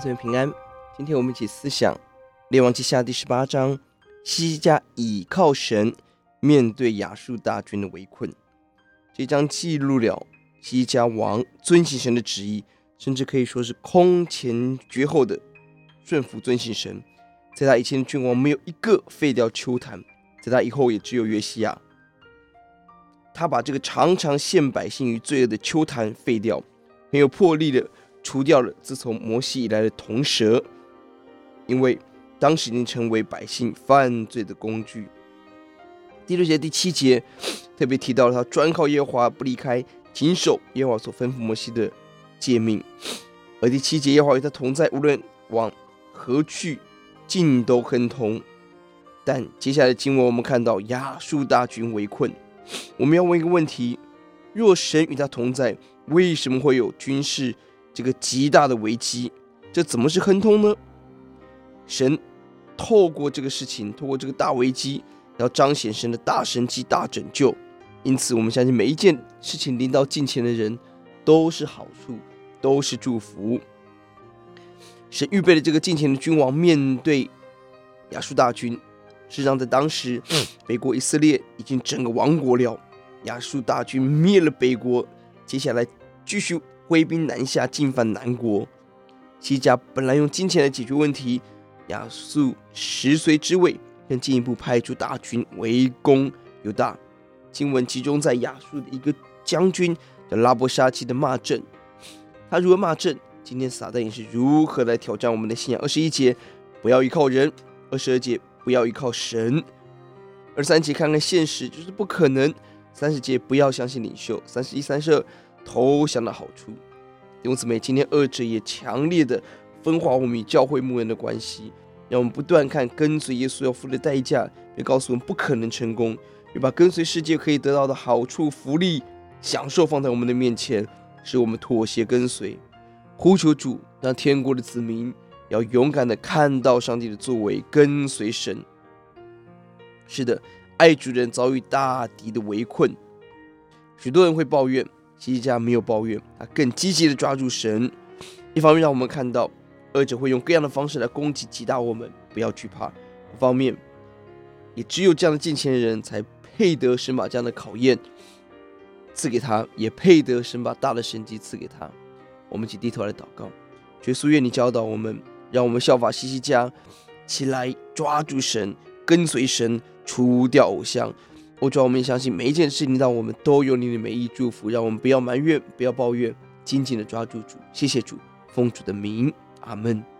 生存平安，今天我們一起思想《列王記下》第十八章，希西家倚靠神，面對亞述大軍的圍困。這章記錄了希西家王遵行神的旨意，甚至可以說是空前絕後的順服遵行神。在他以前的君王沒有一個廢掉邱壇，在他以後也只有約西亞。他把這個常常陷百姓於罪惡的邱壇廢掉，很有魄力的。除掉了自從摩西以來的銅蛇，因為當時已經成為百姓犯罪的工具。第六節第七節特別提到了他專靠耶和華不離開，謹守耶和華所吩咐摩西的誡命。而第七節耶和華與他同在，無論往何去，盡都亨通。但接下來的經文我們看到亞述大軍圍困，我們要問一個問題：若神與他同在，為什麼會有軍事？這個極大的危機，這怎麼是亨通呢？神透過這個事情，透過這個大危機，要彰顯神的大神蹟、大拯救。因此，我們相信每一件事情臨到敬虔的人，都是好處，都是祝福。神預備了這個敬虔的君王，面對亞述大軍，事實上在當時嗯，北國以色列已經整個亡國了。亞述大軍滅了北國，接下來繼續。揮兵南下，進犯南國。希西家本來用金錢來解決問題，亞述食髓知味，便進一步派出大軍圍攻猶大。經文集中在亞述的一個將軍叫拉伯沙基的罵陣，他如何罵陣？今天撒旦也是如何來挑戰我們的信仰？二十一節，不要依靠人；二十二節，不要依靠神；二十三節，看看現實就是不可能；三十節，不要相信領袖；三十一、三十二。投降的好處。弟兄姊妹，今天惡者也強烈的分化我們與教會牧人的關係，讓我們不斷看跟隨耶穌要付的代價，也告訴我們不可能成功，也把跟隨世界可以得到的好處、福利、享受放在我們的面前，使我們妥協跟隨。呼求主，讓天國的子民要勇敢的看到上帝的作為，跟隨神。是的，愛主人遭遇大敵的圍困，許多人會抱怨。希西家沒有抱怨，他更積極的抓住神。一方面讓我們看到，惡者會用各樣的方式來攻擊擊打我們，不要懼怕；一方面，也只有這樣的敬虔人才配得神把這樣的考驗賜給他，也配得神把大的神蹟賜給他。我們一起低頭來禱告，耶穌願你教導我們，讓我們效法希西家，起來抓住神，跟隨神，除掉偶像。我，我們也相信每一件事情，讓我們都有你的美意祝福，讓我們不要埋怨，不要抱怨，緊緊的抓住主。謝謝主，奉主的名，阿門。